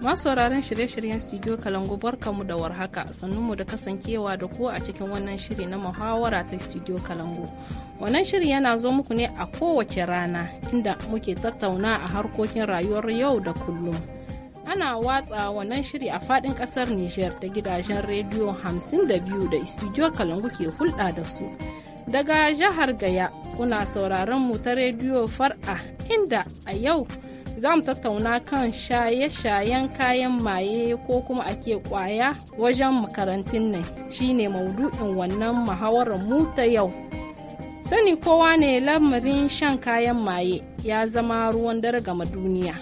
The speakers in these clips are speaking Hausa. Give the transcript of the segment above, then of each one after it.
Masu sauraron shirye-shiryen studio Kalangu barkamu da warhaka sannu mu da kasancewa da ku a cikin wannan shiri na muhawara ta studio Kalangu. Wannan shiri yana zo muku ne a kowace rana inda muke tattauna a harkokin rayuwar yau da kullum. Ana watsa wannan shiri a fadin kasar niger da gidajen rediyo 52 da studio Kalangu ke hulɗa da su. Daga jihar Gaya kuna sauraron mu ta rediyo Far'a inda a yau za mu tattauna kan shaye-shayen kayan maye ko kuma ake kwaya wajen makarantun nan shine maudu'in wannan muhawarar mu ta yau sani kowa ne lamarin shan kayan maye ya zama ruwan dare gama duniya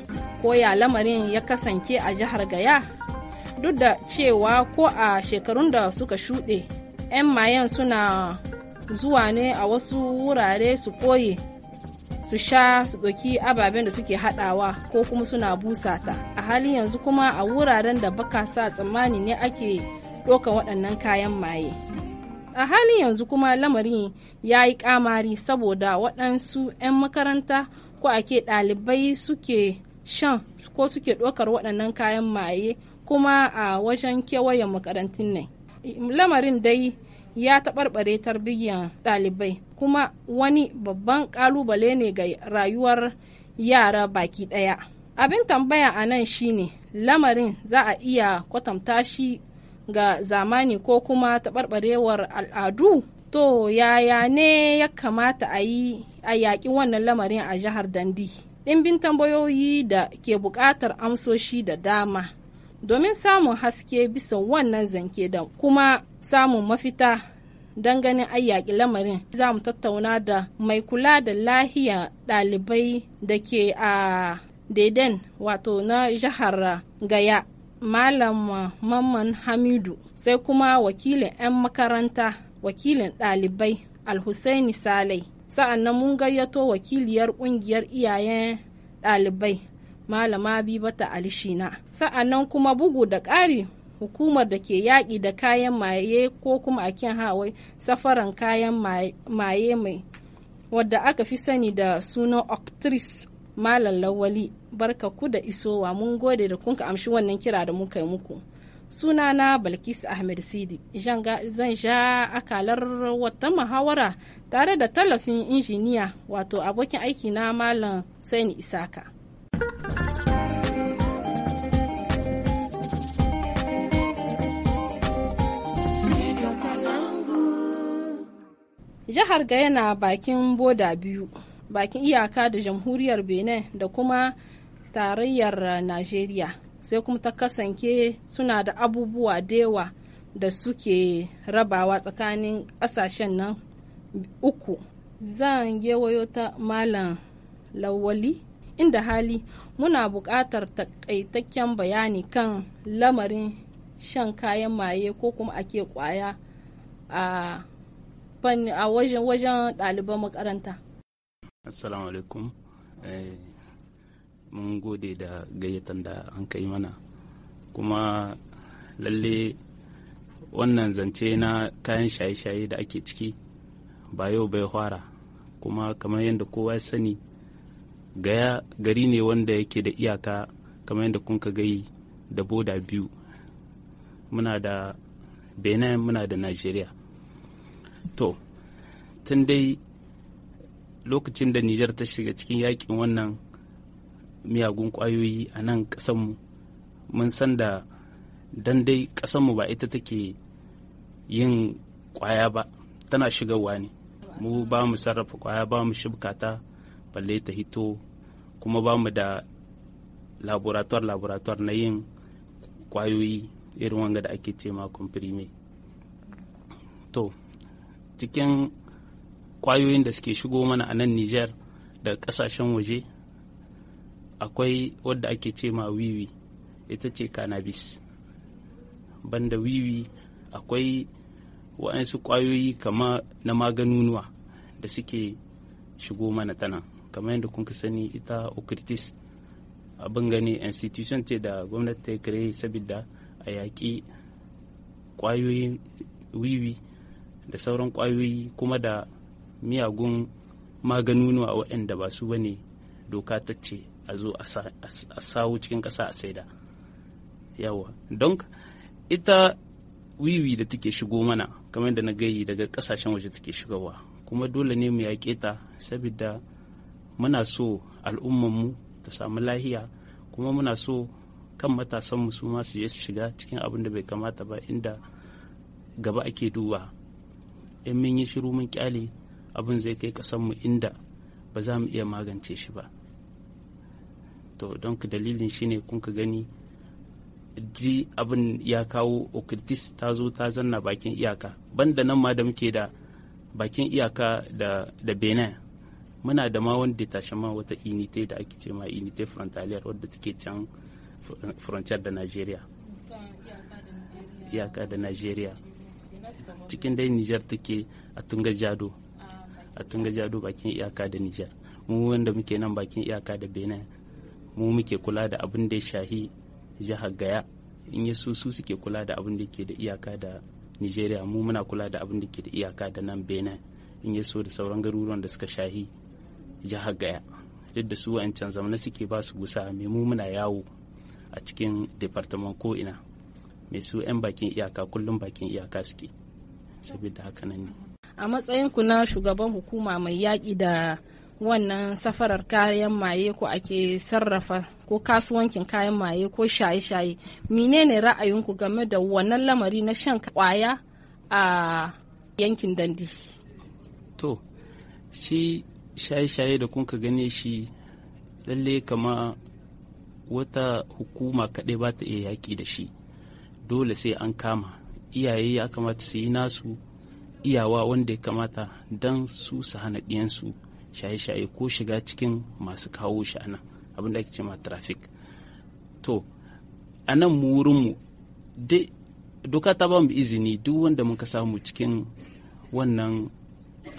ko ya lamarin ya kasance a jihar gaya duk da cewa ko a shekarun da suka shuɗe 'yan mayen suna zuwa ne a wasu wurare su koye su sha su ɗauki ababen da suke haɗawa ko kuma suna busa ta a halin yanzu kuma a wuraren da baka sa tsammani ne ake ɗaukan waɗannan kayan maye a halin yanzu kuma lamarin ya yi kamari saboda waɗansu 'yan makaranta ko ake ɗalibai suke shan ko suke ɗaukar waɗannan kayan maye kuma a wajen kewayen makarantun nan lamarin dai ya taɓarɓare tarbiyyar ɗalibai kuma wani babban ƙalubale ne ga rayuwar yara baki ɗaya. Abin tambaya a nan shine lamarin za a iya kwatanta shi ga zamani ko kuma taɓarɓarewar al'adu to yaya ne ya kamata a yi a yaƙi wannan lamarin a jihar Dandi. Ɗimbin tambayoyi da ke buƙatar amsoshi da dama. domin samun haske bisa wannan zanke da kuma samun mafita don ganin ayyaki lamarin za mu tattauna da mai kula da lahiya ɗalibai da ke a daidan wato na jihar gaya malam mamman hamidu sai kuma wakilin 'yan makaranta wakilin ɗalibai alhussaini salai sa'an nan mun gayyato wakiliyar ƙungiyar iyayen ɗalibai malama bibata alishina nan kuma bugu da ƙari hukumar da ke yaƙi da kayan maye ko kuma a kin hawai safaran kayan maye mai wadda aka fi sani da sunan octris malam lawali barka ku da isowa mun gode da kunka amshi wannan kira da muka yi muku sunana balkis ahmed sidi zan sha akalar wata muhawara tare da tallafin injiniya wato abokin aiki na malam sani isaka jihar ga yana bakin boda biyu bakin iyaka da jamhuriyar benin da kuma tarayyar uh, najeriya sai kuma ta kasance suna da abubuwa da da suke rabawa tsakanin kasashen nan uku zan gewayo ta malam lawali inda hali muna buƙatar takaitakken bayani kan lamarin shan kayan maye ko kuma ake kwaya a a wajen wajen ɗaliban makaranta assalamu eh, mun gode da gayyatan da an kai mana kuma lalle wannan zance na kayan shaye-shaye da ake ciki ba yau bai fara kuma kamar yadda kowa ya sani gaya gari ne wanda yake da iyaka kamar yadda kun ka gai da boda biyu muna da benin muna da nigeria to tun dai lokacin da nijar ta shiga cikin yakin wannan miyagun kwayoyi a nan kasanmu mun san da dan dai kasanmu ba ita take yin kwaya ba tana shigarwa ne mu ba mu sarrafa kwaya ba mu shibkata balle ta hito kuma ba mu da laboratoire laboratoire na yin kwayoyi irin wanga da ake ce ma to cikin kwayoyin da suke shigo mana a nan Nijar da kasashen waje akwai wadda ake ce ma wiwi ita ce cannabis banda wiwi akwai waɗansu kwayoyi kama na maganunuwa da suke shigo mana tana kamar yadda kun sani ita okritis abin gani institution ce da gwamnati ta kare saboda a yaƙi kwayoyin wiwi da sauran kwayoyi kuma da miyagun maganunuwa waɗanda ba su wani doka ta ce a zo a sawo cikin ƙasa a saida yawa don ita wiwi da take shigo mana kamar da na gayi daga ƙasashen waje take shigowa kuma dole ne mu yaƙe ta saboda muna so al'ummanmu ta samu lahiya kuma muna so kan matasanmu su ma su su shiga cikin abin da bai kamata ba inda gaba ake duba in mun yi shiru mun kyale abin zai kai kasan mu inda ba za mu iya magance shi ba to don ka dalilin shine kun ka gani ji abin ya kawo okritis ta zo ta zanna bakin iyaka banda nan ma da muke da bakin iyaka da, benin muna da ma wanda ta shama wata inite da ake ce ma inite frontalier wadda take can frontier da nigeria iyaka da nigeria cikin dai Nijar take a tunga jado a tunga jado bakin iyaka da Nijar mu wanda muke nan bakin iyaka da Benin mu muke kula da abin da ya shahi jihar Gaya in ya su su suke kula da abin da ke da iyaka da Nigeria mu muna kula da abin da ke da iyaka da nan Benin in ya so da sauran garuruwan da suka shahi jihar Gaya duk da su wa'ancan zamana suke ba su gusa me mu muna yawo a cikin departament ko ina mai su 'yan bakin iyaka kullum bakin iyaka suke saboda haka nan ne a matsayin ku na shugaban hukuma mai yaƙi da wannan safarar kayan maye ko ake sarrafa ko kasuwancin kayan maye ko shaye-shaye menene ra'ayinku game da wannan lamari na shan kwaya a yankin dandi to shi shaye-shaye da kunka gane shi lalle kama wata hukuma kaɗai ba ta iya yaƙi da shi dole sai an kama iyaye ya kamata su yi nasu iyawa wanda ya kamata don su su hana ɗiyansu shaye-shaye ko shiga cikin masu kawo shi anan abin da ake ce ma traffic to a nan mu wurinmu doka ta ba mu izini duk wanda muka samu cikin wannan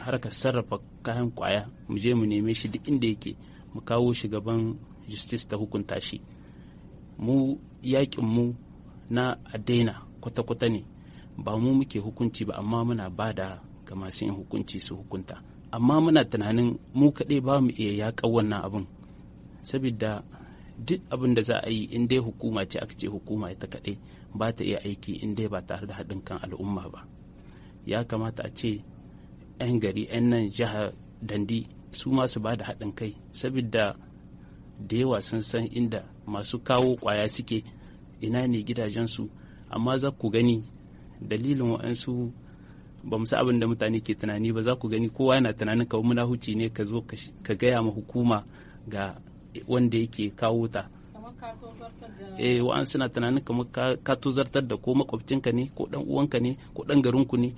harkar sarrafa kayan kwaya mu je mu neme shi duk inda yake mu kawo shi gaban justice ta hukunta shi mu yakin mu na a kwata-kwata ne ba mu muke hukunci ba amma muna ba da ga masu yin hukunci su hukunta amma muna tunanin mu kaɗai ba mu iya yaƙa wannan abin saboda duk abin da za a yi in dai hukuma ce aka ce hukuma ta kaɗai ba ta iya aiki in dai ba tare da haɗin kan al'umma ba ya kamata a ce 'yan gari 'yan nan jihar dandi su ma su ba da haɗin kai saboda da yawa sun san inda masu kawo ƙwaya suke ina ne gidajensu amma za ku gani dalilin wa'ansu ba mu abin da mutane ke tunani ba za ku gani kowa yana tunanin ka muna huci ne ka zo ka gaya ma hukuma ga wanda yake kawo ta eh wa'an suna tunanin kamar ka tozartar da ko makwabcinka ne ko dan uwanka ne ko dan garinku ne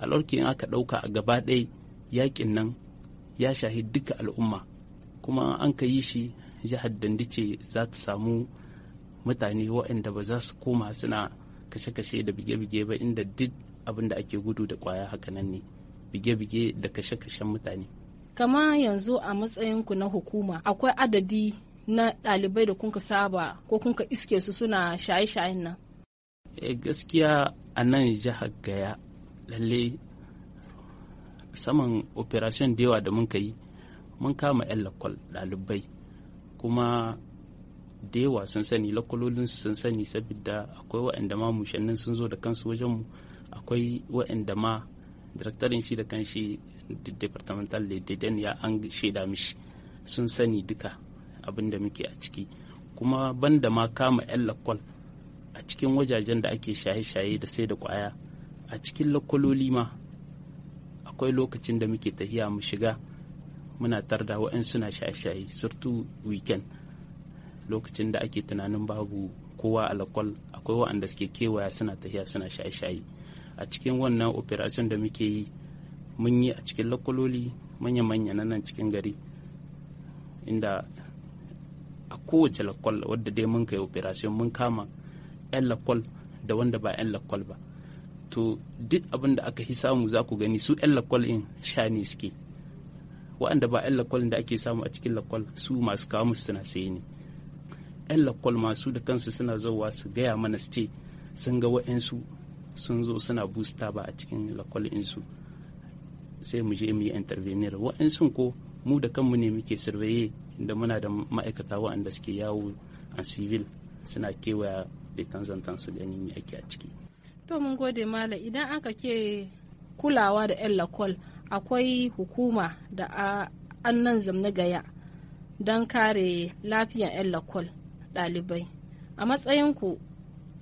a in aka dauka a gaba ɗaya yakin nan ya shahi duka al'umma kuma an ka yi shi jihar dandice zata za ta samu mutane wa'anda ba za su koma suna kashe-kashe da bige-bige ba inda duk abin da ake gudu da kwaya hakanan ne bige-bige da kashe-kashen mutane kama yanzu a matsayinku na hukuma akwai adadi na ɗalibai da kunka saba ko kunka iske su suna shaye-shayen nan e gaskiya a nan jihar gaya lalle saman operation da yawa da mun ka yi mun kama 'yan lakwal ɗalibai kuma da yawa sun sani su sun sani saboda akwai wa'anda ma mushannin sun zo da kansu wajen mu akwai wa'anda ma daraktarin shi da kanshi departamental da ya an shaida mishi sun sani duka abinda muke a ciki kuma banda ma kama 'yan lakwal a cikin wajajen da ake shaye-shaye da sai da kwaya a cikin lakwaloli ma akwai lokacin da muke tahiya mu shiga muna tarda wa'yan suna shaye-shaye surtu weekend lokacin da ake tunanin babu kowa a alakwal akwai wa'anda suke kewaya suna tafiya suna shaye-shaye a cikin wannan operation da muke yi mun yi a cikin lakwaloli manya-manya na nan cikin gari inda a kowace lakwal wadda dai mun kai operation mun kama 'yan lakwal da wanda ba 'yan lakwal ba to duk abin da aka yi samu za ku gani su 'yan lakwal in sha ne suke waɗanda ba 'yan lakwal da ake samu a cikin lakwal su masu kawo musu suna saye ne 'yan lakwal masu da kansu suna zauwa su gaya mana su ce sun ga wa'yansu sun zo suna busta ba a cikin lakwal insu sai mu je mu yi intervenir wa'yansu ko mu da kanmu ne muke surveye da muna da ma'aikata waɗanda suke yawo a civil suna kewaya da tanzantan su gani mai ake a ciki to mun gode mala idan aka ke kulawa da 'yan lakwal akwai hukuma da an zamna gaya don kare lafiyan 'yan lakwal ɗalibai a matsayinku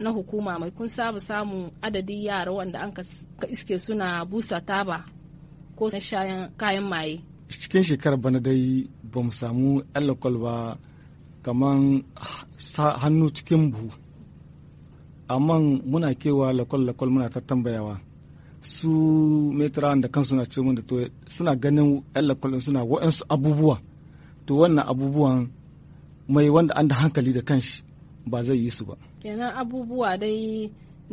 na hukuma mai kun saba samun adadin yara wanda an ka iske suna busa taba ko shayan kayan maye cikin shekarar bana dai ba mu samu alakol ba kamar hannu cikin buhu amma muna kewa lakol-lakol muna ta tambayawa su metra da kansu na ce mun da to suna ganin yan lakol suna wa'ansu abubuwa to wannan abubuwan mai wanda an da hankali da kanshi ba zai yi su ba kenan abubuwa dai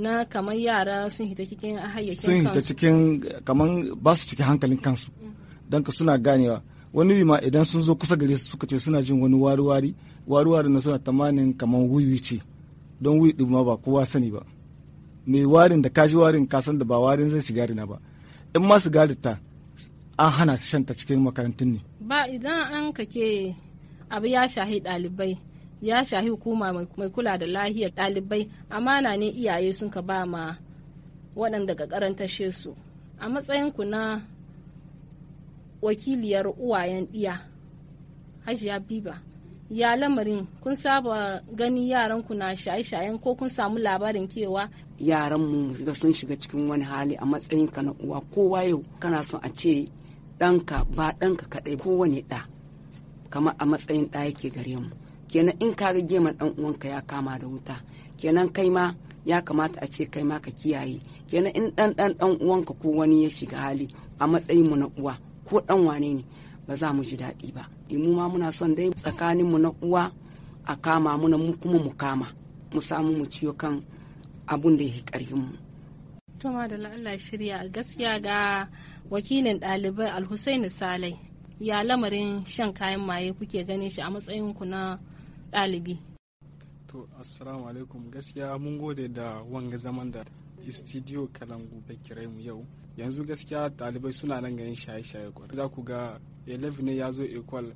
na kamar yara sun hita cikin hayyakin sun hita cikin kamar ba su cikin hankalin kansu don ka suna ganewa wani ma idan sun zo kusa gare su suka ce suna jin wani wari-wari wari-wari na suna tamanin kamar wuyu ce don wuyu ma ba kowa sani ba mai warin da kaji warin ka san da ba warin zai sigari na ba in ma sigari ta an hana ta shan ta cikin makarantun ne ba idan an kake abu ya shahi ɗalibai ya shahi hukuma mai kula da lahiyar ɗalibai amana ne iyaye sun ka ba ma waɗanda ga karantashe su a matsayinku na wakiliyar uwayen ɗiya hajiya biba ya lamarin kun saba gani yaran ku na shaye-shayen ko kun samu labarin kewa yaran mu ga sun shiga cikin wani hali a matsayin ka na uwa kowa yau kana son a ce ɗanka ba ɗanka kaɗai kowane ɗa kamar a matsayin ɗaya ke gare mu kenan in ka rage ma ɗan uwanka ya kama da wuta kenan kai ma ya kamata a ce kai ma ka kiyaye kenan in ɗan ɗan ɗan uwanka ko wani ya shiga hali a matsayin mu na uwa ko ɗan wane ne ba za mu ji daɗi ba eh, mu ma muna son dai tsakanin mu na uwa a kama mu kuma mu kama mu samu mu ciyo kan abun da ya ƙarfin mu to da Allah shirya gaskiya ga wakilin ɗalibai alhussaini Salai ya lamarin shan kayan maye kuke ganin shi a matsayin ku na ɗalibi to assalamu alaikum gaskiya mun gode da wanga zaman da studio kalangu bai kira mu yau yanzu gaskiya ɗalibai suna nan ganin shaye-shaye kwarai za ku ga 11 ne ya zo equal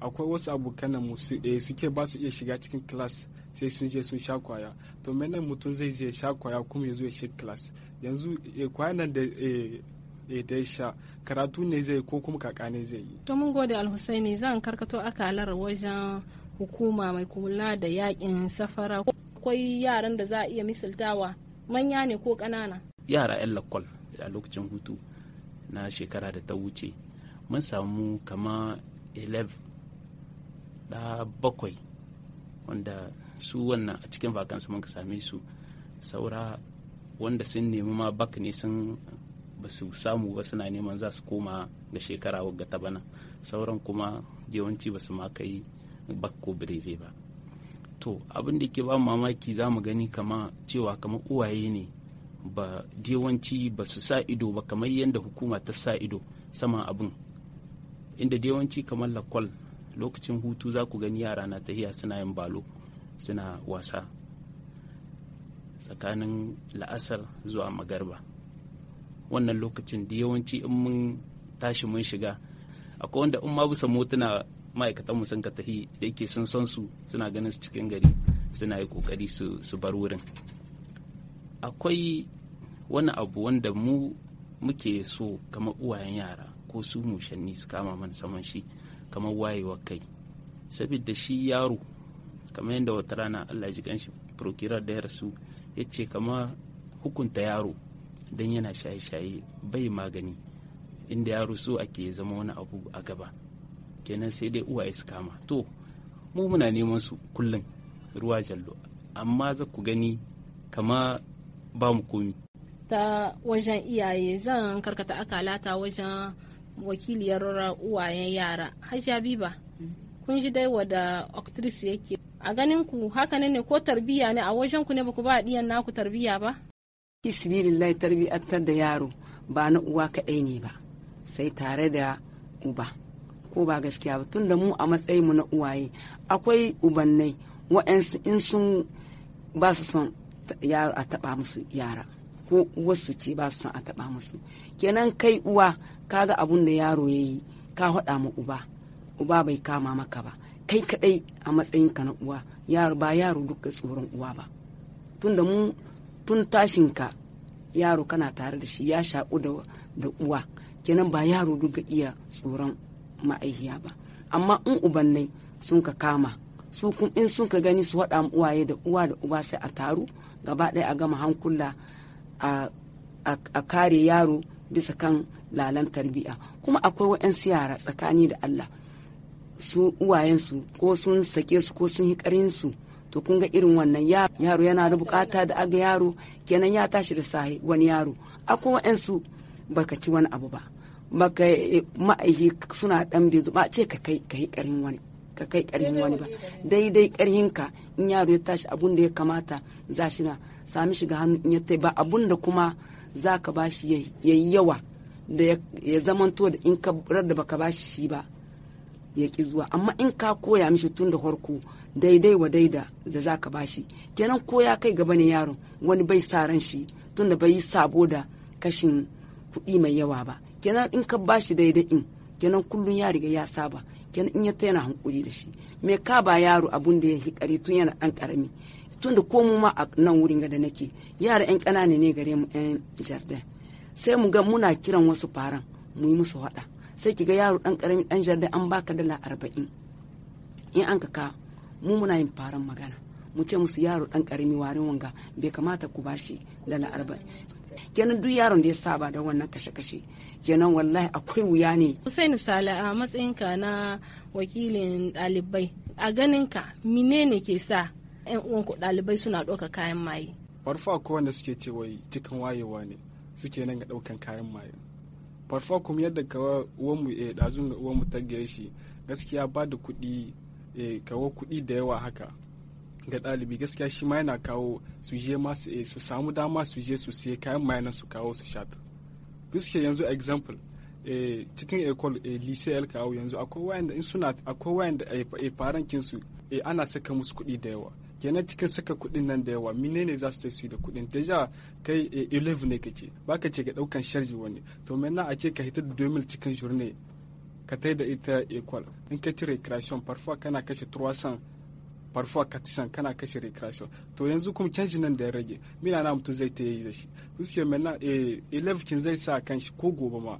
akwai wasu abokan mu eh, suke ba su iya shiga cikin class sai sun je sun sha kwaya to menan mutum zai je sha kwaya kuma ya zo ya shi class yanzu eh, kwayan nan da eh, da sha karatu ne zai ko kuma kaka ne zai yi. To mun gode Alhussaini zan karkato akalar wajen hukuma mai kula da yakin safara. Akwai yaran da za a iya misaltawa manya ne ko ƙanana? Yara 'yan lakwal a lokacin hutu na shekara da ta wuce mun samu kama 11 da bakwai wanda su wannan a cikin vakansu mun ka same su saura wanda sun nemi ma bak ne sun ba su samu ba suna neman za su koma da shekara ga ta bana sauran kuma yawanci ba su ma kai bakko breve ba to abin da ke ba mamaki za mu gani kama cewa kama uwaye ne ba yawanci ba su sa ido ba kamar yadda hukuma ta sa ido sama abin inda yawanci kamar lakwal lokacin hutu za ku gani yara na tahiya suna yin balo suna wasa tsakanin la'asar zuwa magarba wannan lokacin da yawanci in mun tashi mun shiga akwai wanda in ma bisa motuna ma'aikatan mu sun ka tafi da yake sun san su suna ganin su cikin gari suna yi kokari su bar wurin akwai wani abu wanda mu muke so kama uwayen yara ko su mushanni su kama mana saman shi kama wayewa kai saboda shi yaro kamar yadda wata rana allah ji shi prokirar da yarsu ya ce kama hukunta yaro don yana shaye-shaye bai magani inda ya so ake zama wani abu a gaba kenan sai dai uwaye su kama to mu muna neman su kullum ruwa jallo amma za ku gani kama ba mu komi ta wajen iyaye zan karkata akalata wajen wakiliyar uwayen yara hajiya biba kun ji dai wada octris yake a ganin ku haka ne ko tarbiya ne a wajen ku ne ku ba diyan naku tarbiya ba Bismillah tarbiyyar da yaro ba na uwa kaɗai ne ba sai tare da uba ko ba gaskiya ba tun da mu a matsayin mu na uwaye akwai ubannai wa'ansu in sun ba su son yaro a taɓa musu yara ko wasu ce ba su son a taɓa musu kenan kai uwa ka ga abun da yaro ya yi ka haɗa ma uba uba bai kama maka ba kai kaɗai a matsayin ka na uwa yaro ba yaro duka tsoron uwa ba tunda mu tun tashinka yaro kana tare da shi ya shaƙu da uwa kenan ba yaro duk iya tsoron ma'aihiya ba amma in ubannai sun ka kama su kun in sun ka gani su haɗa uwaye da uwa da uba sai a taru gaba ɗaya a gama hankula a kare yaro bisa kan lalan tarbiya kuma akwai wa'yan yara tsakani da allah su uwayensu ko sun sake su ko sun yi ƙarinsu to kun ga irin wannan yaro yana da bukata da aga yaro kenan ya tashi da sahi wani yaro akwai wa'ansu baka ci wani abu ba baka eh, ma'aihi suna dan bezu ba ce ka kai karin wani ka kai karin wani ba daidai karhin ka in yaro ya tashi abun da ya kamata za shi na sami shiga hannu in ya tai ba abun da kuma za ka bashi yayi yawa da ya zamanto da in ka da baka bashi shi ba ya ki zuwa amma in ka koya mishi tun da farko daidai wa daida da za ka bashi kenan koya kai gaba ne yaron wani bai sa ran shi tun da bai sabo da kashin kuɗi mai yawa ba kenan in ka bashi daidai in kenan kullun ya riga ya saba kenan in ya ta yana hankuri da shi me ka ba yaro abun da ya hikari tun yana ɗan ƙarami tun da komo ma a nan wurin ga da nake yara yan ƙanane ne gare mu yan jardin sai mu ga muna kiran wasu faran mu yi musu haɗa sai ki ga yaro dan karamin dan jarida an baka dala arba'in in an ka mu muna yin faran magana mu ce musu yaro dan karami warin wanga bai kamata ku bashi dala arba'in kenan duk yaron da ya saba da wannan kashe-kashe kenan wallahi akwai wuya ne Hussein Sale a matsayinka na wakilin ɗalibai a ganinka menene ke sa 'yan uwanku ɗalibai suna ɗauka kayan maye farfa ko wanda suke ce wai cikin wayewa ne suke nan ga ɗaukan kayan maye farfa kuma yadda kawa uwanmu eh dazun ga uwanmu ta gare shi gaskiya ba da kuɗi eh kawo kuɗi da yawa haka ga ɗalibi gaskiya shi ma yana kawo su je ma su eh, samu dama su je su siye kayan mayana su kawo su shata gaskiya yanzu example eh, cikin ecole eh, lycée el kawo yanzu akwai wayanda in suna akwai wayanda eh, farankin eh, kinsu a ana saka musu kuɗi da yawa kenan cikin saka kuɗin nan da yawa menene za su ta su da kuɗin ja kai 11 eh, ne kake baka ce ga ɗaukan sharji wani to mai a ake ka hitar da 2000 cikin journée ka tai da ita equal in ka ci recreation parfois kana kashe 300 parfois katisan kana kashe recreation to yanzu kuma canji nan da ya rage mina na mutum zai ta yi da shi suke mena eh, kin zai sa kan shi ko gobe ma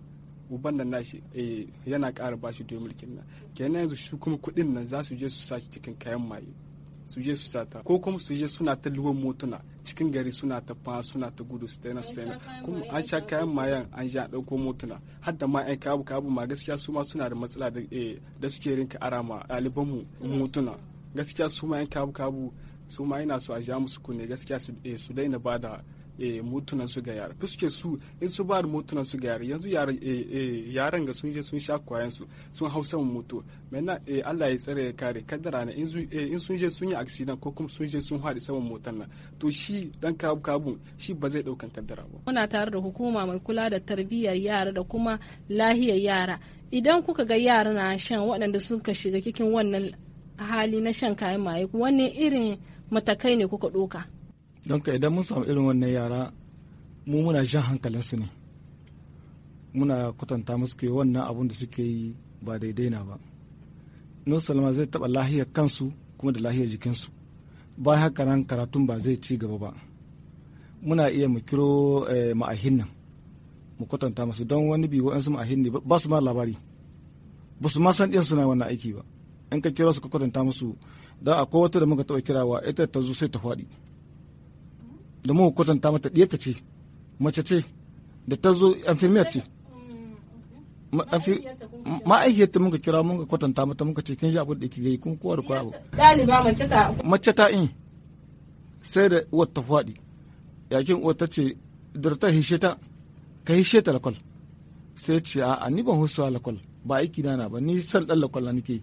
uban da nashi eh, yana ƙara bashi domin mulkin kenan yanzu su kuma kuɗin nan za su je su sashi cikin kayan maye su je su sata ko kuma su je suna ta luwan motuna cikin gari suna ta fa suna ta gudu su tana su tana kuma an sha kayan mayan an sha dauko motuna har da ma ai kabu kabu ma gaskiya su ma suna da matsala da eh, suke rinka arama mu motuna gaskiya su ma ai kabu kabu su ma ina so a ja musu kunne gaskiya su eh, daina bada Eh, motunan su ga yara fuske su in su ba da motunan su ga yara yanzu eh, eh, yaran ga sun je sun sha kwayan su sun hau saman moto mana Allah ya tsare ya kare kaddara na in sun sun yi accident ko kuma sun je sun haɗe saman motan nan to shi dan kabu kabu shi ba zai ɗaukan kaddara ba muna tare da hukuma mai kula da tarbiyyar yara da kuma lahiyar yara idan kuka ga yara na shan waɗanda suka shiga cikin wannan hali na shan kayan maye wani irin matakai ne kuka ɗoka don ka idan mun samu irin wannan yara mu muna shan hankalinsu ne muna kwatanta musu ke wannan abun da suke yi ba daidai na ba salama zai taɓa lahiyar kansu kuma da lahiyar jikinsu ba haka nan karatun ba zai ci gaba ba muna iya mu kiro eh, ma'ahin nan mu kwatanta musu don wani bi wa'ansu ma'ahin ne ba su ma labari ba su ma san iya suna wannan aiki ba in ka kira su ka kwatanta musu don akwai wata da muka taɓa kirawa ita ta zo sai ta faɗi da muka kwatanta mata ɗiyarta ce mace ce da ta zo infirmiyar ce ma'aikiyarta muka kira muka kwatanta mata muka ce kin ji abin da ke gai kun kowa da kowa abu mace ta in sai da uwar ta faɗi yakin uwar ta ce dirta hishe ta ka hishe ta lakwal sai ce a ni ban husuwa lakwal ba aiki na na ba ni san dan lakwal na nake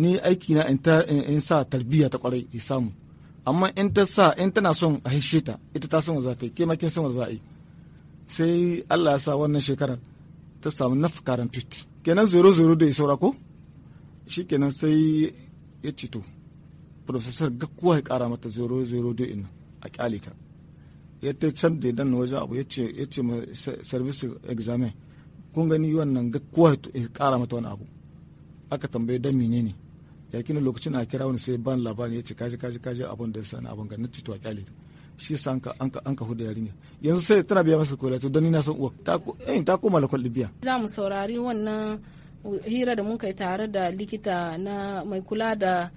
ni aiki na in sa tarbiyya ta kwarai ya samu amma in ta sa in tana son a haishe ta ita ta san za ta yi kema kin san za a yi sai Allah ya sa wannan shekarar ta samu nafkaran fit kenan zero zero da ya saura ko shi kenan sai ya cito professor ga kowa ya kara mata zero zero da ina a kyale ta ya ta can da dan waje abu ya ce ya ce ma service examen kun gani wannan ga kowa ya kara mata wani abu aka tambaye dan menene ya kina lokacin a kira wani sai ban labarin ya ce kaji kaji kaji abin da sana abin ganin tito a kyale shi anka an ka huda yarinya yanzu sai tana biya masa kola to dan ina san uwa eh, ta koma lakwal biya za mu saurari wannan hira da mun kai tare da likita na mai kula da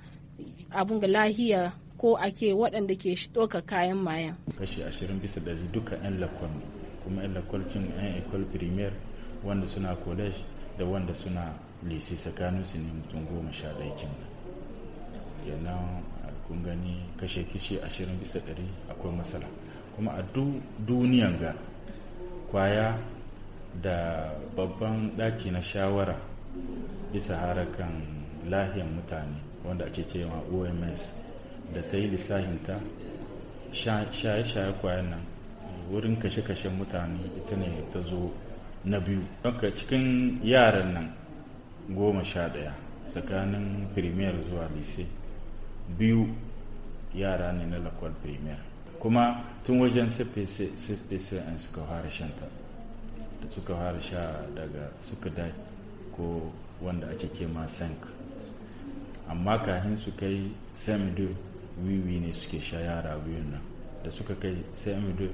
abun ga lahiya ko ake waɗanda ke ɗauka kayan maya. kashi ashirin bisa ɗari duka 'yan lakon kuma 'yan lakon cin 'yan école primaire wanda suna college da wanda suna lise tsakanin su ne mutum goma sha ɗaya kenan kenan kun gani kashe kishi ashirin bisa ɗari akwai matsala kuma a duk duniyan ga kwaya da babban ɗaki na shawara bisa harakan lahiyar mutane wanda ake cewa oms da ta yi lissahinta shaye-shaye kwayan nan wurin kashe-kashen mutane ita ne ta zo na biyu don cikin yaran nan goma sha ɗaya tsakanin premier zuwa lise biyu yara ne na lakwal premier kuma tun wajen cpc an suka fara shanta da suka fara sha daga suka da ko wanda ake ma sank amma kahin su kai samido wiwi ne suke sha yara biyun nan da suka kai samido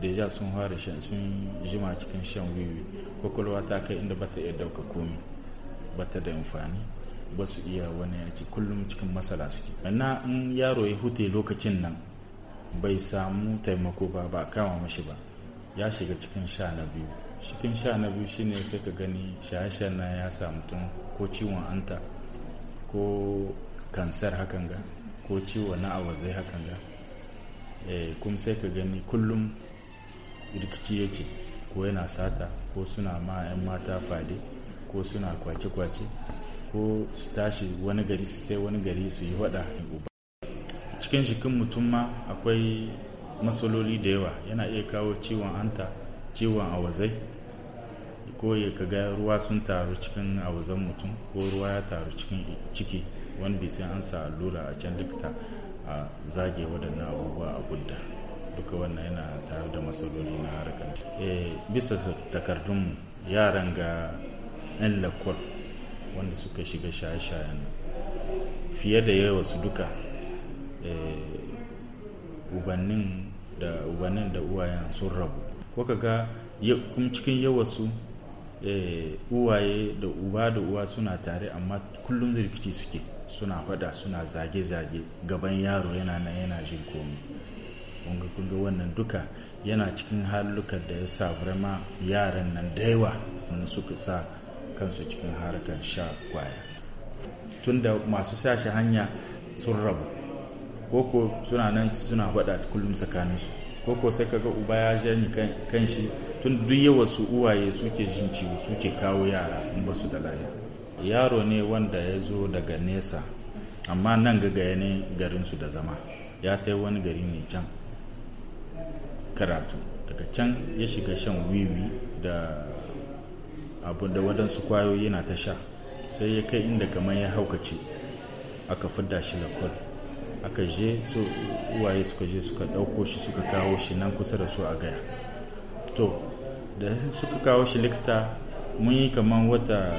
deja sun fara shan sun jima cikin shan wiwi kwakwalwa ta kai inda bata iya dauka komi bata da amfani ba su iya wani yaci kullum cikin matsala suke na in yaro ya hute lokacin nan bai samu taimako ba ba kama mashi ba ya shiga cikin sha na biyu cikin sha na biyu shine sai ka gani shaye na ya samu tun ko ciwon anta ko kansar hakan ga ko ciwo na awazai hakan ga eh, kuma sai ka gani kullum rikici yake ko yana sata ko suna ma 'yan mata fade ko suna kwace-kwace ko su tashi wani gari su kai wani gari su yi wada cikin jikin mutum ma akwai matsaloli da yawa yana iya kawo ciwon hanta ciwon awazai ko ya kaga ruwa sun taru cikin awazan mutum ko ruwa ya taru cikin ciki wanda sai an sa allura a can likita a zage waɗannan abubuwa a gudda duka wannan yana tare da matsaloli na harkar eh, bisa takardunmu yaran ga 'yan lakwal wanda suka shiga shaye-shayen fiye da yawa su duka eh, ubannin da ubannin da uwayen sun rabu ko kaga kuma cikin yawasu eh, uwaye da uba da uwa suna tare amma kullum rikici suke suna fada suna zage-zage gaban yaro yana na yana jin komi kun ga wannan duka yana cikin halukar da ya sa ma yaran nan da yawa suka sa kansu cikin harkar sha kwaya tunda masu sashi hanya sun rabu koko suna nan suna faɗa kullum tsakaninsu koko sai kaga uba ya ni kan shi tun duk yawa su uwaye suke jin suke kawo yara in ba su da laya yaro ne wanda ya zo daga nesa amma nan gagaya ne garinsu da zama ya ta wani gari ne can karatu daga can ya shiga shan wiwi da abin da waɗansu kwayoyi na ta sha sai ya kai inda kamar ya haukace aka fidda shi lakwal aka je su uwaye suka je suka ɗauko shi suka kawo shi nan kusa da su a gaya to da suka kawo shi likita mun yi kamar wata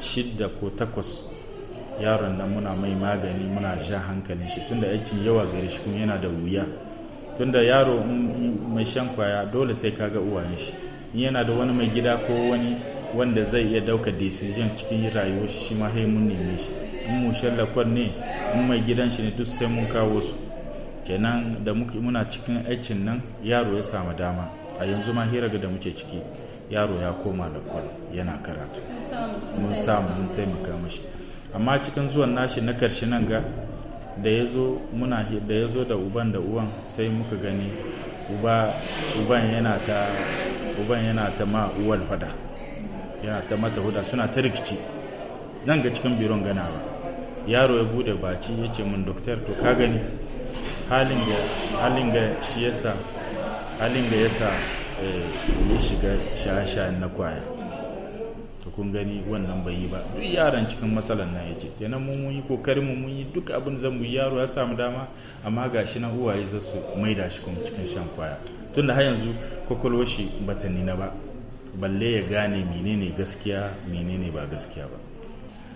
shidda ko takwas yaron nan muna mai magani muna sha hankalin shi tunda aikin yawa gare shi kuma yana da wuya tunda yaro mai shan kwaya dole sai kaga uwayen shi yana da wani mai gida ko wani wanda zai iya dauka decision cikin rayuwar shi shi ma sai mun neme shi in mu shallakon ne in mai gidan shi ne duk sai mun kawo su kenan da muke muna cikin aikin nan yaro ya samu dama a yanzu ma hira da muke ciki yaro ya koma da lakwal yana karatu mun samu mun taimaka mashi amma cikin zuwan nashi na karshe nan ga da ya zo muna da ya zo da uban da uwan sai muka gani uba uban yana ta uban yana ta ma uwal fada yana ta mata huda suna ta rikici nan ga cikin biron ganawa yaro ya bude baci ya ce mun doktor to ka gani halin ga halin ga shi yasa halin ga yasa eh, ya shiga shashayen na kwaya to kun gani wannan bai yi ba duk yaran cikin matsalan nan yake kenan mun mun yi kokarin mun yi duk abin zan mu yaro ya samu dama amma ga shi na uwaye za su maida shi kuma cikin shan kwaya tunda har yanzu kwakwalwar shi bata nina ba balle ya gane menene gaskiya menene ba gaskiya ba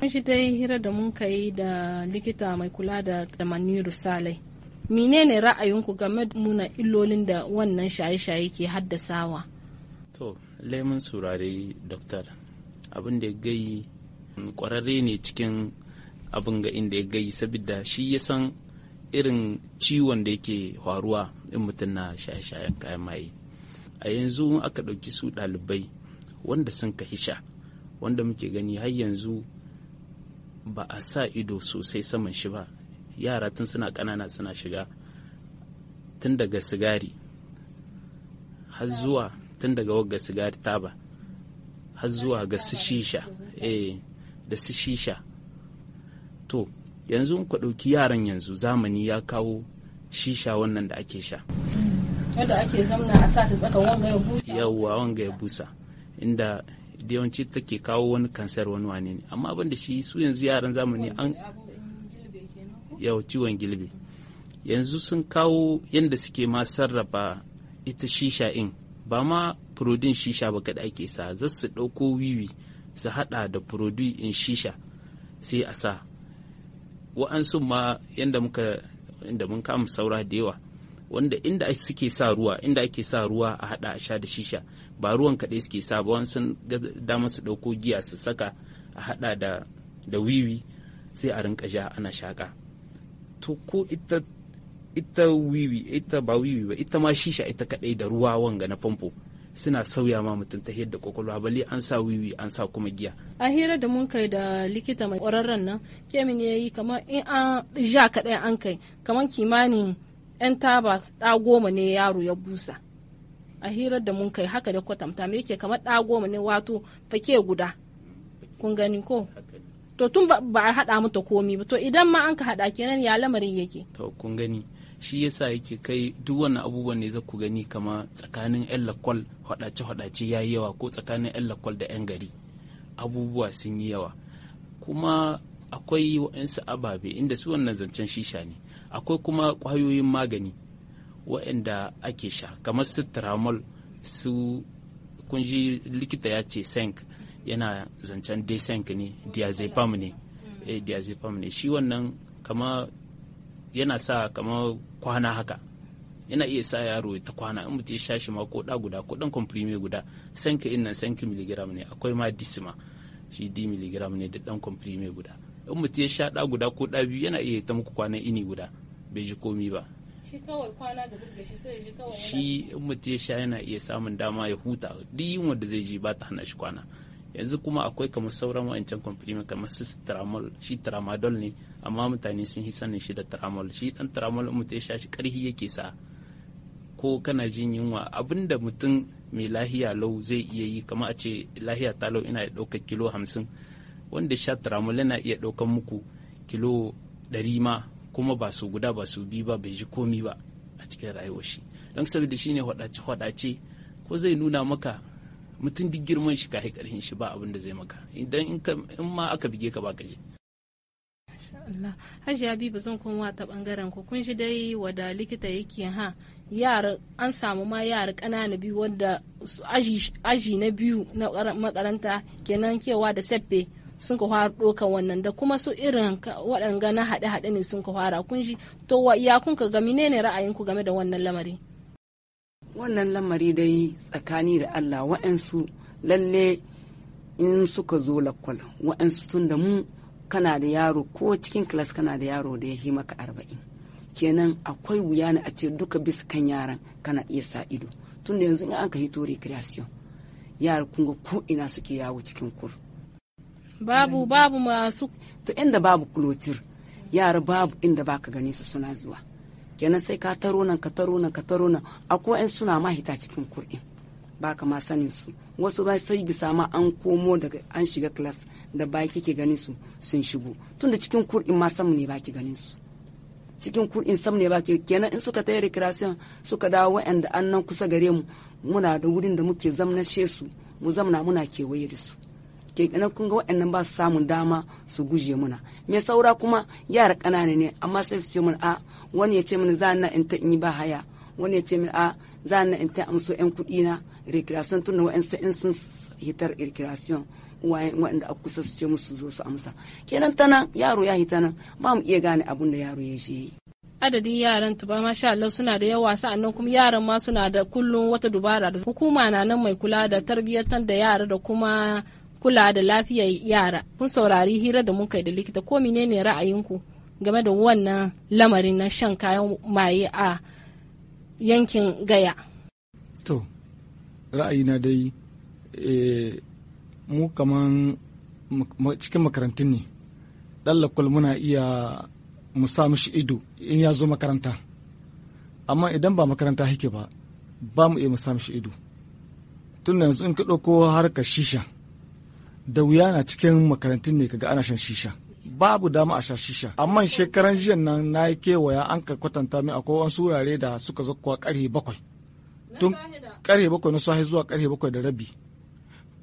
mun shi dai hira da mun kai da likita mai kula da maniru salai menene ra'ayinku game da muna illolin da wannan shaye-shaye ke haddasawa to lemun surare doktor abin da ya gayi kwararre ne cikin abin ga inda ya gayi saboda shi ya san irin ciwon da yake faruwa in mutum na shaye-shayen kayan maye a yanzu aka ɗauki su ɗalibai wanda sun ka hisha wanda muke gani har yanzu ba a sa ido sosai saman shi ba yara tun suna ƙanana suna shiga tun daga sigari har zuwa tun daga wagga sigari taba har zuwa ga su shisha eh da su shisha to yanzu in ku ɗauki yaran yanzu zamani ya kawo shisha wannan da ake sha yadda ake wanga ya busa yawwa wanga ya busa inda yawanci take kawo wani kansar wani wane ne amma abin da shi su yanzu yaran zamani an yau ciwon gilbe yanzu sun kawo yadda suke ma sarrafa ita shisha in ba ma furodin shisha ba kada ake sa za su ɗauko wiwi su haɗa da furodin in shisha sai a sa wa'ansu ma yadda muka inda mun kama saura da yawa wanda inda suke sa ruwa inda ake sa ruwa a hada a sha da shisha ba ruwan kaɗai suke sa ba wani sun dama su ɗauko giya su saka a hada da wiwi sai a rinka sha ana shaƙa to ko ita ita wiwi ita ba wiwi ba ita ma shisha ita kaɗai da ruwa wanga na famfo suna sauya ma mutum ta yadda kwakwalwa bali an sa wiwi an sa kuma giya a hira da mun kai da likita mai ƙwararren nan kemin ya yi kamar in an ja kaɗai an kai kamar kimanin 'yan taba ɗa goma ne yaro ya busa a hirar da mun kai haka da kwatanta me yake kamar ɗa goma ne wato fake guda kun gani ko to tun ba a haɗa mata komi ba to idan ma an ka haɗa kenan ya lamarin yake to kun gani shi yasa yake kai duk wani abubuwan ne za ku gani kama tsakanin yan lakwal hadace hadace ya yi yawa ko tsakanin yan lakwal da yan gari abubuwa sun yi yawa kuma akwai wa'ansu ababe inda su wannan zancen shisha ne akwai kuma kwayoyin magani waɗanda ake sha kamar su tramol su kunji likita ya ce senk yana zancen desenk ne diazepam ne mm. eh diazepam ne shi wannan kama yana sa kama kwana haka yana iya sa yaro ta kwana in mutum ya sha shi ma ko da guda ko dan komprime guda senk in nan senk miligram ne akwai ma disma shi d miligram ne da dan komprime guda in mutum ya sha ɗa guda ko ɗa biyu yana iya ta muku kwanan ini guda bai ji komi ba shi kawai kwana da burge shi sai ji kawai shi in mutum ya sha yana iya samun dama ya huta duk yin wanda zai ji ba ta hana shi kwana yanzu kuma akwai kamar sauran wa'ancan kwamfirima kamar su tramol shi tramadol ne amma mutane sun yi sanin shi da tramol shi dan tramol in mutum ya sha shi karhi yake sa ko kana jin yunwa abinda mutum mai lahiya lau zai iya yi kamar a ce lahiya ta lau ina ya ɗaukar kilo hamsin wanda sha tramolin na iya ɗaukan muku kilo ɗari ma kuma ba su guda ba su bi ba bai ji komi ba a cikin rayuwar shi don saboda shi ne hwaɗace ko zai nuna maka mutum duk girman shi ka karhin shi ba abin da zai maka idan in ma aka bige ka ba ka ji Hajiya Habibu zan kuma ta bangaren ku kun shi dai wada likita yake ha yara an samu ma yara ƙanana biyu wanda aji na biyu na makaranta kenan kewa da seppe sun ka fara ɗokan wannan da kuma su irin waɗanga na haɗe-haɗe ne sun ka fara kun shi to ya kun ka ga menene ku game da wannan lamari wannan lamari dai tsakani da Allah wa'ansu lalle in suka zo lakwal wa'ansu tun da mu kana da yaro ko cikin kilas kana da yaro da ya yi maka arba'in kenan akwai wuya ne a ce duka bisa kan yaran kana iya sa ido tun da yanzu in an ka hito recreation yara kunga ko ina suke yawo cikin kur babu babu masu to inda babu kulotir yara babu inda baka gane su suna zuwa kenan sai ka taro nan ka taro nan ka taro nan akwai yan suna ma hita cikin kur'in baka ma sanin su wasu ba sai bisa ma an komo daga an shiga class da baki ke ganin su sun shigo tunda cikin kur'in ma samu ne baki ganin su cikin kur'in sam ne ba kenan in suka tayar recreation suka dawo wa'anda an nan kusa gare mu muna da wurin da muke zamna su mu zamna muna kewaye da su kenan kun ga waɗannan ba su samun dama su guje muna me saura kuma yara ƙanana ne amma sai su ce mun a wani ya ce mun za na in ta in yi ba haya wani ya ce mun a za na in ta amso yan kuɗi na recreation tun da waɗansu in sun hitar recreation waɗanda a kusa su ce musu zo su amsa kenan tana yaro ya hita nan ba mu iya gane abin da yaro ya je yi adadin yaran tuba masha Allah suna da yawa sa'annan kuma yaran ma suna da kullum wata dubara da hukuma na nan mai kula da tarbiyyar da yara da kuma kula da lafiyar yara kun saurari hira da muka yi da likita ko menene ra'ayinku game da wannan lamarin na shan kayan maye a yankin gaya to ra'ayina dai eh, mu kaman cikin makarantun ne ɗallakul muna iya mu sa mishi ido in ya zo makaranta amma idan ba makaranta hake ba ba mu iya mu sa mishi ido tun yanzu in ka ɗauko harkar shisha da wuya na cikin makarantun ne kaga ana shan shisha babu dama a sha shisha amma shekaran jiya nan na yi kewaya an ka kwatanta min akwai wasu wurare da suka zakuwa karhe bakwai tun karhe bakwai na sahi zuwa karhe bakwai da rabi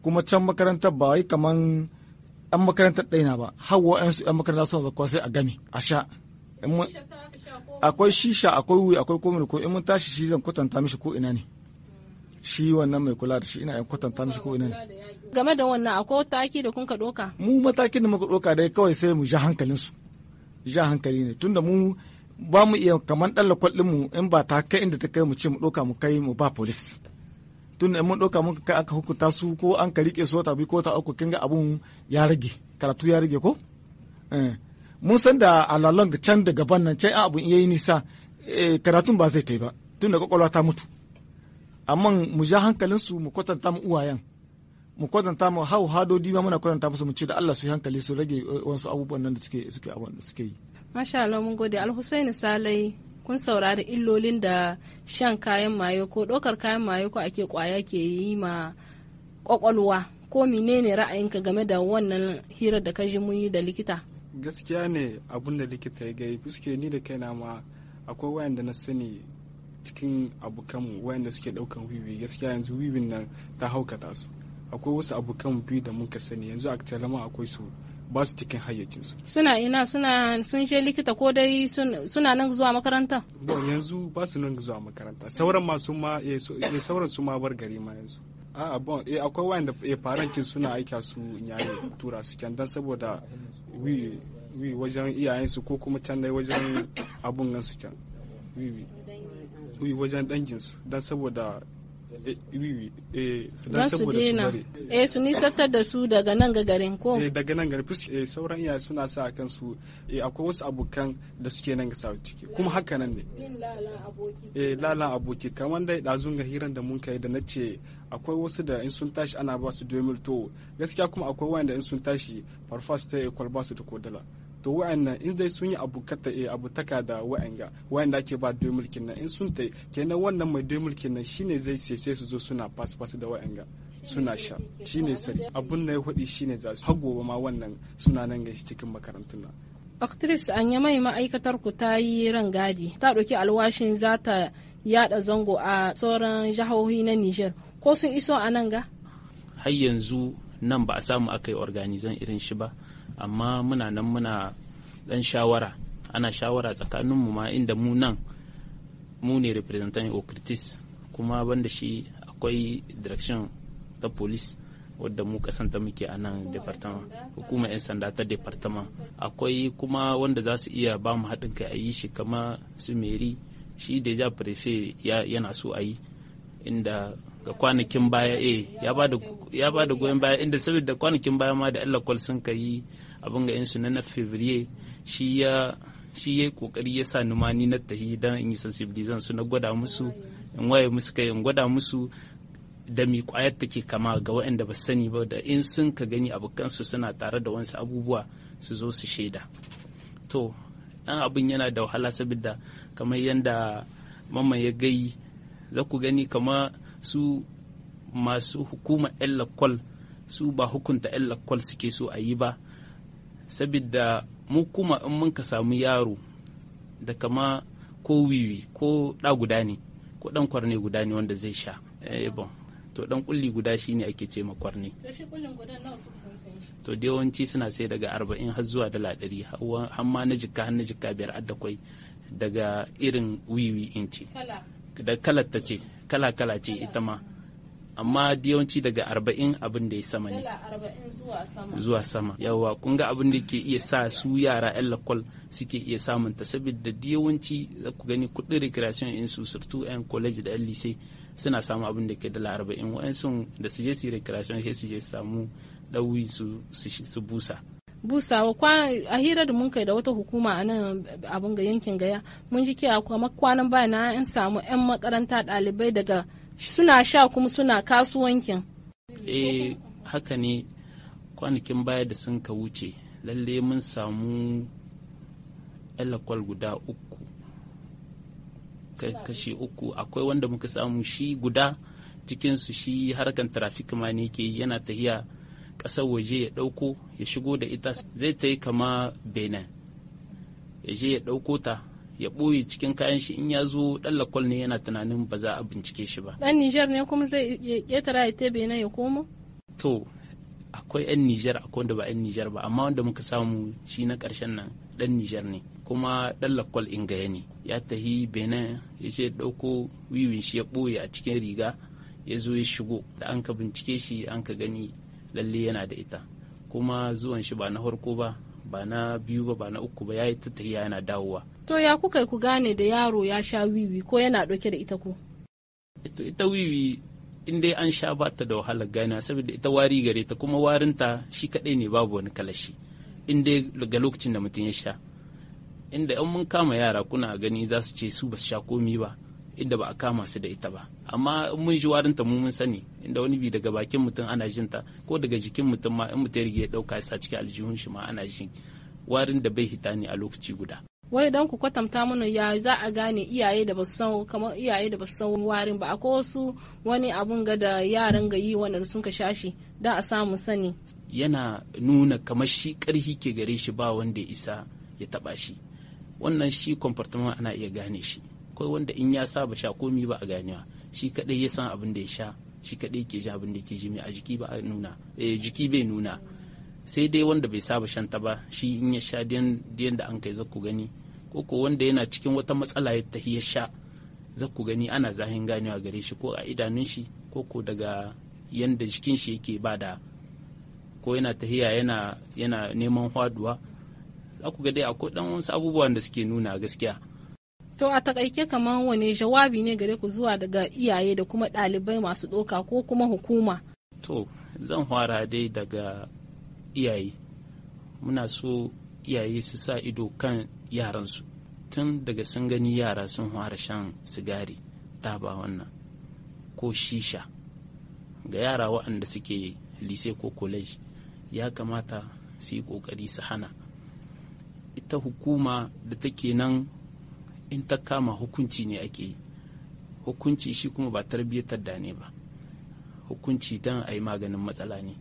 kuma can makarantar ba wai kaman ɗan makarantar ɗaina ba har wa'ansu 'yan makarantar suna zakuwa sai a gami. a sha akwai shisha akwai wuyi akwai komai ko in mun tashi shi zan kwatanta mishi ko ina ne shi wannan mai kula da shi ina yan kwatanta mishi ko ina game da wannan akwai taki da kun ka doka mu matakin da muka doka dai kawai sai mu ja hankalin su ja hankali ne tunda mu ba mu iya kaman ɗalla kwallin mu in ba ta kai inda ta kai mu ce mu doka mu kai mu ba polis tunda in mun doka mun kai aka hukunta su ko an ka rike su ta bi ko ta uku kin ga abun ya rage karatu ya rage ko eh. mun san da alalon can daga gaban nan can abun yayi nisa eh, karatun ba zai tai ba tunda kwakwalwa ta mutu amma mu ja hankalinsu mu kwatanta mu uwayen mu kwatanta mu hau hadodi ma muna kwatanta musu mu ce da Allah su yi hankali su rage wasu abubuwan nan da suke suke abun da suke yi masha Allah mun gode Al-Husaini Salai kun saurari illolin da shan kayan maye ko ɗaukar kayan maye ko ake kwaya ke yi ma kwakwalwa ko menene ra'ayinka game da wannan hirar da ka ji mun yi da likita gaskiya ne abun da likita ya gai fuske ni da kaina ma akwai wayanda na sani cikin abokanmu wayanda suke daukan wiwi gaskiya yanzu wiwin nan ta haukata su akwai wasu abokan biyu da muka sani yanzu a talama akwai su ba su cikin hayyacinsu. Suna ina suna sun je likita ko dai suna nan zuwa makaranta? Bon yanzu ba su nan zuwa makaranta. Sauran ma su ma eh, eh sauran su ma bar gari ma yanzu. A'a bon eh akwai wanda eh farancin suna aika su nyare tura su kyan dan saboda wi wajen iyayensu ko kuma can dai wajen abun nan su can. Wi wi. wajen danginsu don saboda eh, eh, eh, za su dena eh su nisantar da su daga nan ga garin ko daga nan garin fus sauran iyaye suna sa a kansu akwai wasu abokan da suke nan ga sau ciki kuma haka nan ne eh lala aboki kamar dai dazun ga hiran da mun kai da na ce akwai wasu da in sun tashi ana ba su 2000 to gaskiya kuma akwai wanda in sun tashi farfa su ta kwalba su ta kodala to wa'annan in dai sun yi abu eh, abu taka da wa'anga wa'anda ake ba doyi mulkin nan in sun tai kenan wannan mai doyi mulkin nan shine zai sai su zo suna fas da da wa'anga suna sha shine sarki abun na ya hudi shine za su hagowa ma wannan suna nan ga cikin makarantun nan actress anya mai ma'aikatar ku ta yi rangadi ta ɗauki alwashin za ta yada zango a sauran jihohi na niger ko sun iso a nan ga har yanzu nan ba a samu aka yi organizan irin shi ba amma muna nan muna dan shawara ana shawara tsakanin mu ma inda mu nan mu ne representant okritis kuma banda shi akwai direction ta police wadda mu kasanta muke a nan departament hukumar 'yan sanda ta departament akwai kuma wanda za su iya ba mu haɗin kai a yi shi kama su meri shi deja prefe yana so a yi inda ga kwanakin baya eh ya ba da goyon baya inda saboda kwanakin baya ma da allah kwal sun ka yi abin ga yin na fevrier shi ya shi ya kokari ya sa numani na tahi dan in yi sensibilizan su na gwada musu in waye musu kai in gwada musu da mi kwayar take kama ga waɗanda ba sani ba da in sun ka gani abokansu suna tare da wasu abubuwa su zo su shaida to ɗan abin yana da wahala saboda kamar yadda mamman ya gayi za ku gani kama su masu hukuma yan lakwal su ba hukunta yan lakwal suke so a yi ba saboda mu kuma in mun ka samu yaro da kama ko wiwi ko ɗa guda ne ko ɗan kwarne guda ne wanda zai sha eh, bon to ɗan kulli guda shi ne ake ce ma kwarne to da yawanci suna sai daga arba'in har zuwa dala ɗari har ma na jikka har na jikka biyar adakwai daga irin wiwi in ce da kalar ta ce kala kala ce ita ma amma yawanci daga arba'in abin da ya sama ne zuwa sama yawa kun ga abin da ke iya sa su yara yan lakwal suke iya samun ta saboda yawanci za ku gani kuɗin recreation in su surtu yan college da yan lise suna samun abin da ke dala arba'in wa'ansu da su je su recreation sai su je su samu ɗauyi su busa busawa a hira da mun kai da wata hukuma a nan abin ga yankin gaya mun ji kiya kuma kwanan baya na an samu 'yan makaranta ɗalibai daga suna sha kuma suna kasuwankin e haka ne kwanakin baya da sun ka wuce lalle mun samu elakwal guda uku kashi uku akwai wanda muka samu shi guda cikinsu shi harkan trafik ma ne ke yana tahiya ƙasar waje ya ɗauko ya shigo da ita zai ta yi kama benin ya je ya ɗauko ta ya ɓoye cikin kayan shi in ya zo ɗan lakwal ne yana tunanin ba za a bincike shi ba. Ɗan Nijar ne kuma zai ƙetara ya tebe na ya komo? To, akwai 'yan Nijar akwai wanda ba 'yan Nijar ba amma wanda muka samu shi na ƙarshen nan ɗan Nijar ne kuma ɗan in ingaya ne ya tahi Benin ya ce ɗauko wiwin shi ya ɓoye a cikin riga ya zo ya shigo da an ka bincike shi an ka gani lalle yana da ita kuma zuwan shi ba na farko ba ba na biyu ba ba na uku ba ya yi ta tahiya yana dawowa To ya kuka ku gane da yaro ya sha wiwi ko yana ɗauke da ita ko? Ita wiwi in dai an sha ba ta da wahalar gane saboda ita wari gare ta kuma warinta shi kaɗai ne babu wani kalashi in dai ga lokacin da mutum ya sha. Inda in mun kama yara kuna gani za su ce su ba su sha komi ba inda ba a kama su da ita ba amma in mun ji warinta mu mun sani inda wani bi daga bakin mutum ana jin ta ko daga jikin mutum ma in mutum ya rige ya ɗauka ya sa cikin aljihun shi ma ana jin warin da bai hita ne a lokaci guda. wai don ku kwatanta mana ya za a gane iyaye da basu san kamar iyaye da basu san warin ba akwai wasu wani abun ga da yaran ga yi wanda sun ka shashi da a samu sani yana nuna kamar shi karhi ke gare shi ba wanda ya isa ya taba shi wannan shi comportement ana iya gane shi akwai wanda in ya saba sha komi ba a ganewa shi kadai ya san abin da ya sha shi kadai ke ji abin da ke ji mai a jiki ba nuna eh, jiki bai nuna sai dai wanda bai saba shan ta ba shi in ya sha diyan da an kai zaku gani ko ko wanda yana cikin wata matsala ya tahi ya sha zaku gani ana zahin ganewa gare shi ko a idanun shi ko ko daga yanda jikin shi yake da ko yana tahiya yana yana neman haduwa za ku ga dai akwai dan wasu abubuwan da suke nuna gaskiya To a takaice kamar wane jawabi ne gare ku zuwa daga iyaye da kuma ɗalibai masu ɗoka ko kuma hukuma? To zan fara dai daga iyaye muna so iyaye su sa ido kan yaransu tun daga sun gani yara sun fara shan sigari taba wannan ko shisha ga yara waɗanda suke lise ko college ya kamata su yi ƙoƙari su hana ita hukuma da take nan in ta kama hukunci ne ake yi hukunci shi kuma ba tarbiyyatar da ne ba hukunci don a yi maganin matsala ne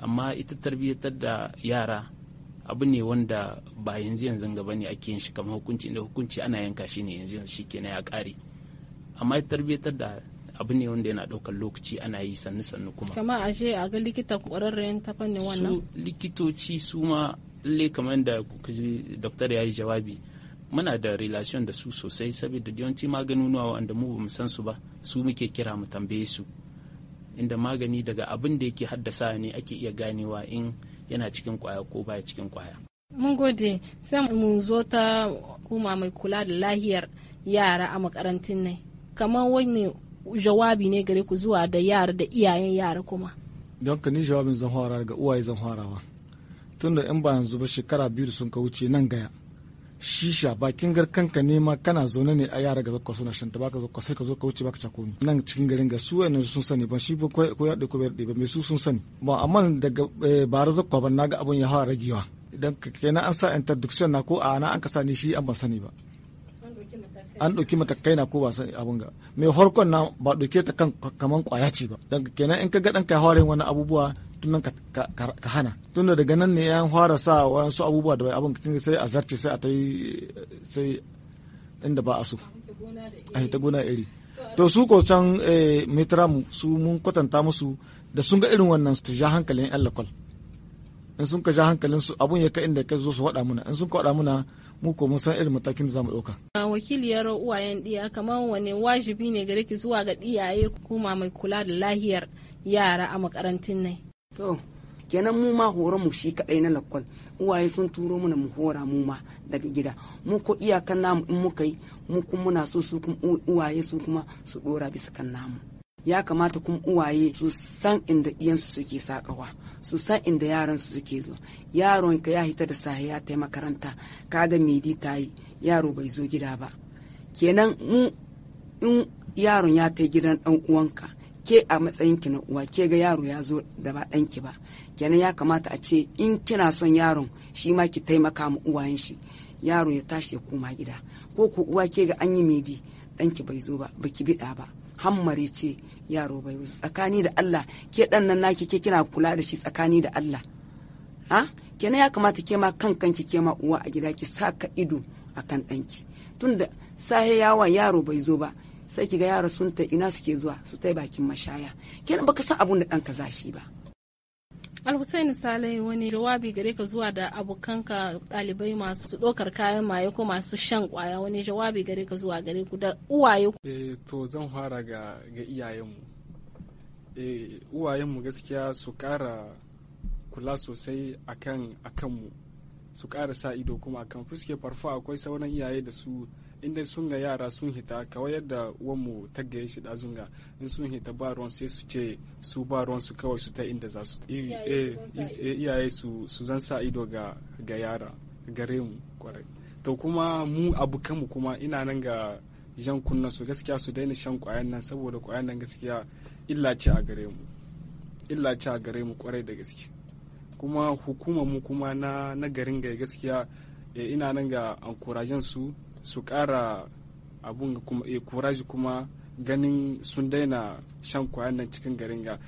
amma ita tarbiyyatar da yara abu ne wanda ba yanzu yanzu gaba ne ake yin shi kamar hukunci inda hukunci ana yanka shi ne yanzu shi kenan ya kare amma ita tarbiyyatar da abu ne wanda yana ɗaukar lokaci ana yi sannu sannu kuma kama ce a ga likita ƙwararren ta fannin wannan likitoci su ma lalle kamar da doktor ya yi jawabi muna da relation da su sosai saboda yawanci maganunuwa wanda mu bamu san su ba su muke kira mu tambaye su inda magani daga abin da yake haddasa ne ake iya ganewa in yana cikin kwaya ko baya cikin kwaya. Mun gode sai mu zo ta kuma mai kula da lahiyar yara a makarantun nan. Kamar wani jawabi ne gare ku zuwa da yara da iyayen yara kuma. Don ka ni jawabin zan fara daga uwaye zan farawa. Tun da in ba yanzu ba shekara biyu sun ka wuce nan gaya. shisha bakin garkanka ne ma kana zaune ne a yara ga zakwa suna shanta baka zakwa sai ka zo ka wuce baka cakoni nan cikin garin ga su wayannan sun sani ban shi ko ko ya ko bai ba mai su sun sani ba amma daga eh, bara zakwa ban naga abun ya hawa ragewa idan kenan an sa introduction na ko a na an ka sani shi an ban sani ba an ɗauki matakai na ko ba sani abin ga mai horkon na ba ɗauke ta kan kaman kwaya ce ba dan kenan in ka ga ɗan ka hawarin wani abubuwa tun nan ka hana tunda daga nan ne yan fara sa wasu abubuwa da abin kin sai a zarce sai a ta yi sai inda ba a so a ta gona iri to su ko can eh, metram su mun kwatanta musu da sun ga irin wannan su ja hankalin yan lakwal in sun ka ja hankalin su abun ya ka inda ka zo su faɗa muna in sun ka faɗa muna mu ko mun san irin matakin da zamu ɗauka. wakiliyar uwayen ɗiya kamar wani wajibi ne gare ki zuwa ga ɗiyaye kuma mai kula da lahiyar yara a makarantun nan. to kenan mu ma horon mu shi kadai na lakwal uwaye sun turo mana mu hora mu ma daga gida mu ko iyakan namu in muka yi mu kuma muna so su kuma uwaye su kuma su dora bisa kan namu ya kamata kuma uwaye su san inda iyansu suke sakawa su san inda yaran su suke zo yaron ka ya hita da sahi ya tai makaranta kaga medi ta yi yaro bai zo gida ba kenan mu in yaron ya tai gidan dan uwanka ke a matsayin ki na uwa ke ga yaro ya zo da ba ɗanki ba kenan ya kamata a ce in kina son yaron shi ma ki taimaka ma uwayen shi yaro ya tashi ya koma gida ko ku uwa ke ga an yi midi ɗanki bai zo ba baki biɗa ba hammare ce yaro bai wuce tsakani da Allah ke dan nan naki ke kina kula da shi tsakani da Allah ha kenan ya kamata ke ma kan kanki ke ma uwa a gida ki saka ido akan ɗanki tunda sahe yawa yaro bai zo ba sai ki ga yara sun ta ina suke zuwa su ta bakin mashaya kenan baka san abun da ɗanka za shi ba alhussaini salai wani jawabi gare ka zuwa da abokanka ɗalibai masu dokar kayan maye ko masu shan kwaya wani jawabi gare ka zuwa gare ku da uwaye eh to zan fara ga ga iyayenmu eh uwayenmu gaskiya su ƙara kula sosai akan akan mu su ƙara sa ido kuma akan fuske farfa akwai sauran iyaye da su inda sun ga yara sun hita kawai yadda uwanmu ta gaye shi da zunga in sun hita ba ruwan sai su ce su ba ruwan su kawai su ta inda za su eh, iyaye eh, su zan sa ido ga yara gare mu kwarai to kuma mu abokanmu kuma ina nan ga jan kunnan su gaskiya su daina shan kwayan nan saboda kwayan nan gaskiya illa ce a gare mu illa ce a gare mu kwarai da gaske kuma hukumar mu kuma na garin ga gaskiya eh, ina nan ga ankurajen su su ƙara abun kuma eh, kuraji kuma ganin sun daina shan kwayan nan cikin garin ga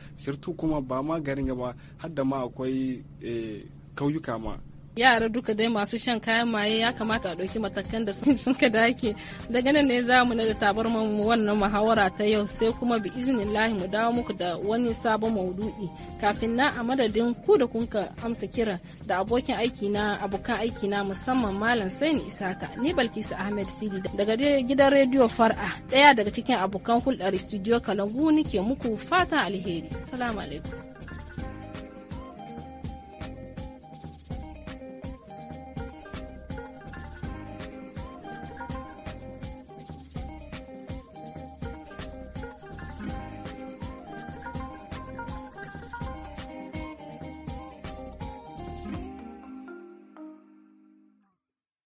kuma ba ma garin ga ba har da ma akwai eh, kauyuka ma yara duka dai masu shan kayan maye ya kamata a ɗauki matakan da sun ka dake daga nan ne za mu da tabar mu wannan muhawara ta yau sai kuma bi lahi mu dawo muku da wani sabon maudu'i kafin na a madadin ku da kunka amsa kira da abokin aiki na abokan aiki na musamman malam saini isaka ni balkisu ahmed sidi daga gidan rediyo far'a ɗaya daga cikin abokan hulɗar studio kalangu nike muku fata alheri salamu alaikum